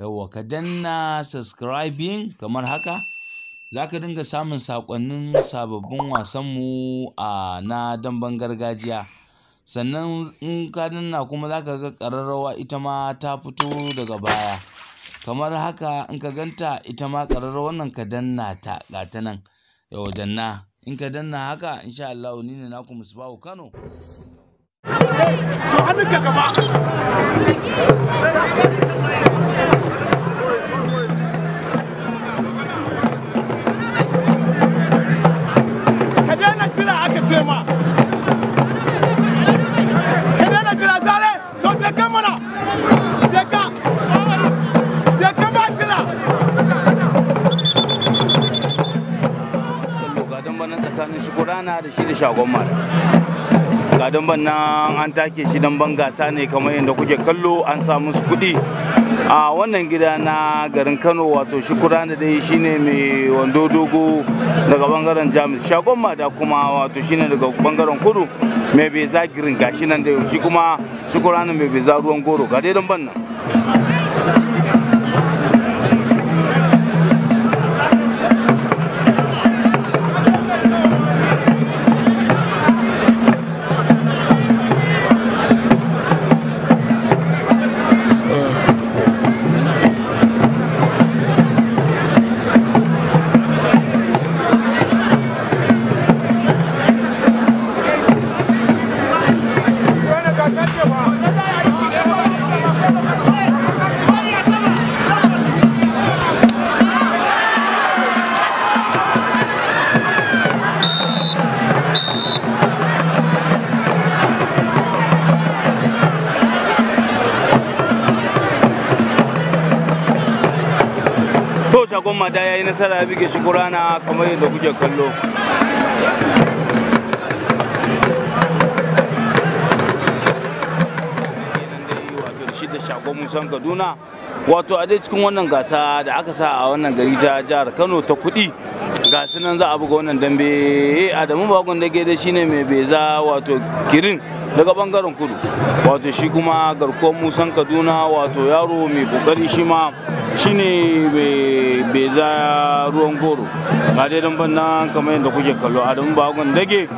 yawwa ka danna subscribing kamar haka za ka dinga samun sakonnin sababbin wasanmu a na damban gargajiya sannan in ka danna kuma za ka ga ƙararrawa ita ma ta fito daga baya kamar haka in ka ganta ita ma ƙararrawar nan ka danna ta ga ta nan yawa danna in ka danna haka insha Allah ni ne naku Musbahu Kano to gaba da shi da shagon mara ga damban nan an take shi dan ban gasa ne kamar yadda kuke kallo an samu su kuɗi a wannan gida na garin kano wato shukura da dai shine mai wando dogo daga bangaren jamus shagon mada kuma wato shine daga bangaren kudu mai bai za girin gashi nan da shi kuma shukura mai bai za ruwan goro ga dai damban nan koma ya yayi nasara ya bige shi kurana kamar yadda kuke kallo da shagon musan kaduna wato a dai cikin wannan gasa da aka sa a wannan gari ta jihar kano ta kudi ga nan za a buga wannan dambe eh, adamu bagon da ke shine mai beza wato kirin daga bangaren kudu wato shi kuma garkuwar musan kaduna wato yaro mai kokari shi ma shine bai za ruwan goro ga dai banna kamar yadda kuke kallo adamu bagon dage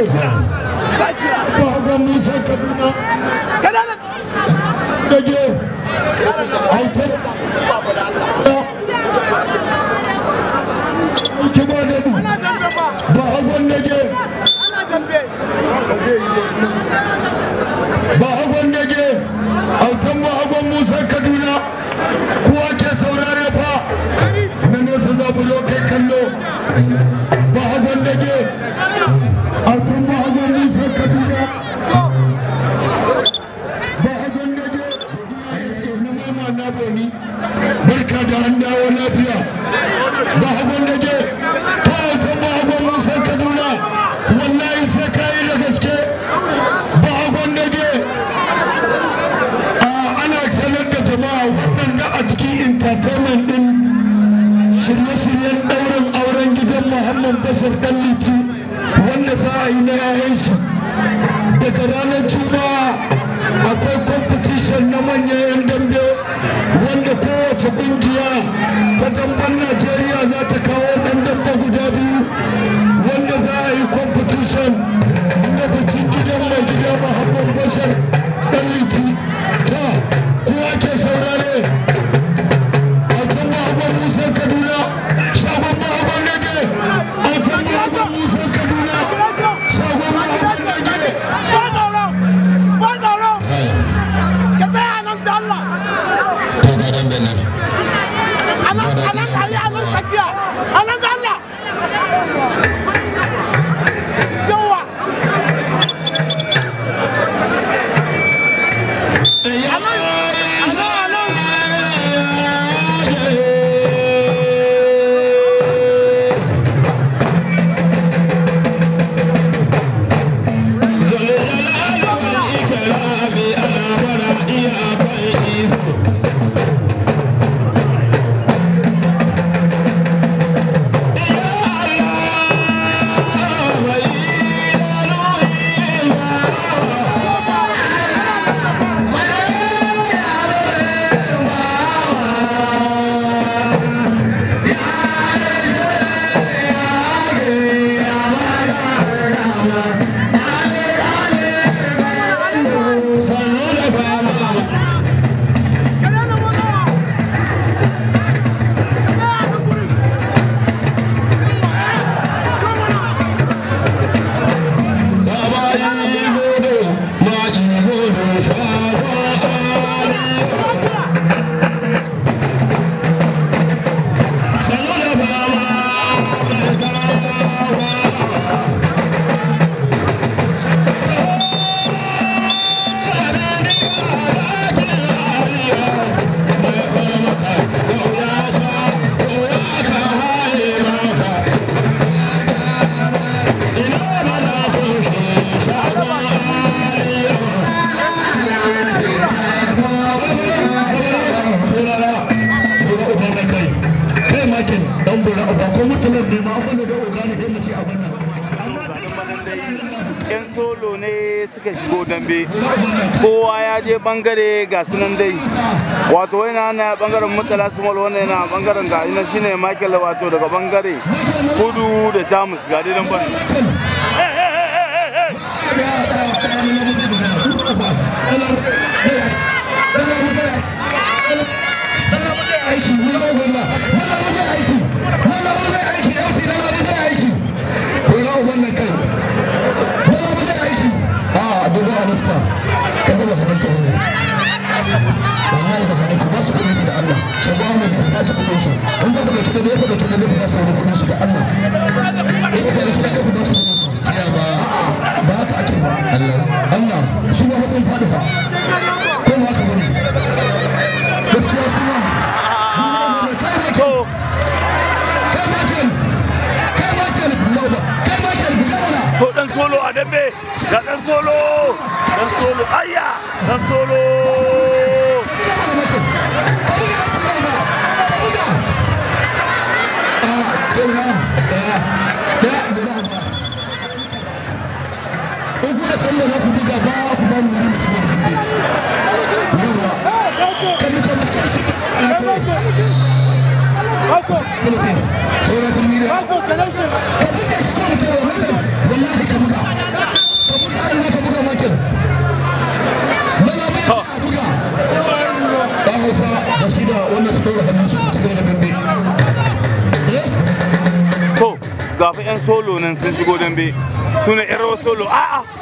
batira batira ba gwamnan kaduna kadana daga ranar juma'a akwai competition na manyan 'yan dambe wanda kowace kungiya ta damben najeriya za ta kawo bangare ga sunan dai wato wani na bangaren mutala small wanda yana bangaren ga ina shine michael wato daga bangare kudu da jamus ga dai ban wallahi da hannun ba su su da Allah ba su su ba su su da Allah in ka ba su su ba ba ake ba Allah Allah su ba sun ba ko gaskiya to dan solo a dambe ga dan solo dan solo ayya dan solo wanda za ku buga ba ku ba mu wani mutum ya kambe yawa kan duka mu tashi na kawai kuma kai sauran kun ka shi kawai kawai ka buga ka buga ka buga makin mai ka buga hausa da shi da su ɗora hannun su cikin to gafi 'yan solo nan sun shigo dambe suna 'yan solo a'a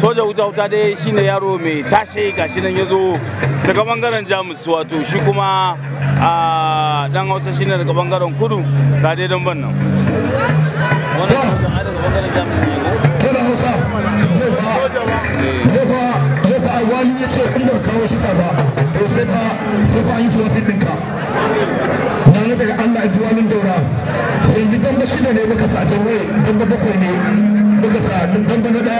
soja wuta wuta dai shine yaro mai tashi gashi nan yazo zo daga bangaren jamus wato shi kuma a dan hausa shine daga bangaren kudu ga dai dan bannan wani ya kawo ba sai na daga allah ji wani daura yanzu gamba shida ne muka sa a can waye ba bakwai ne muka sa gamba na ɗaya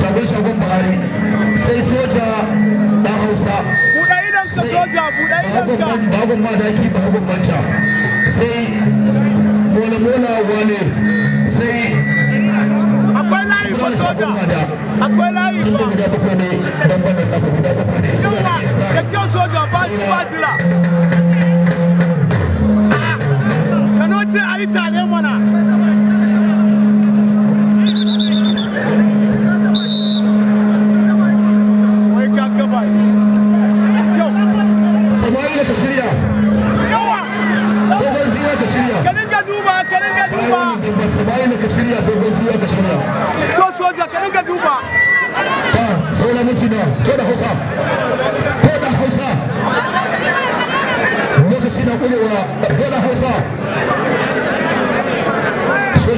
shagon shagon buhari sai soja da hausa bagon madaki bagon manta sai mola mola wale sai akwai layi soja akwai layi ba guda da da kyau soja ba shi ba dira ah,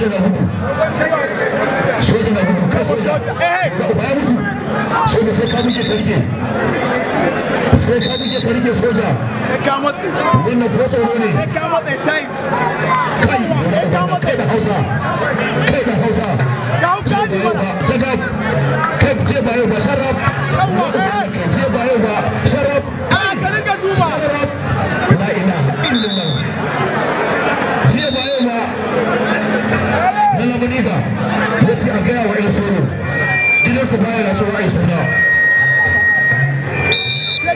soja na mutu soja soja uba ya mutu soja sai ka muke karke soja wannan ko tsoro ne kai kai hausa kai da hausa jaga kai je gani ba a gaya wa 'yan soro gidansa baya na tsoron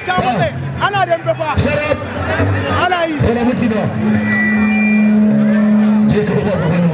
a ana da sharaf ana yi ba je ka ba ba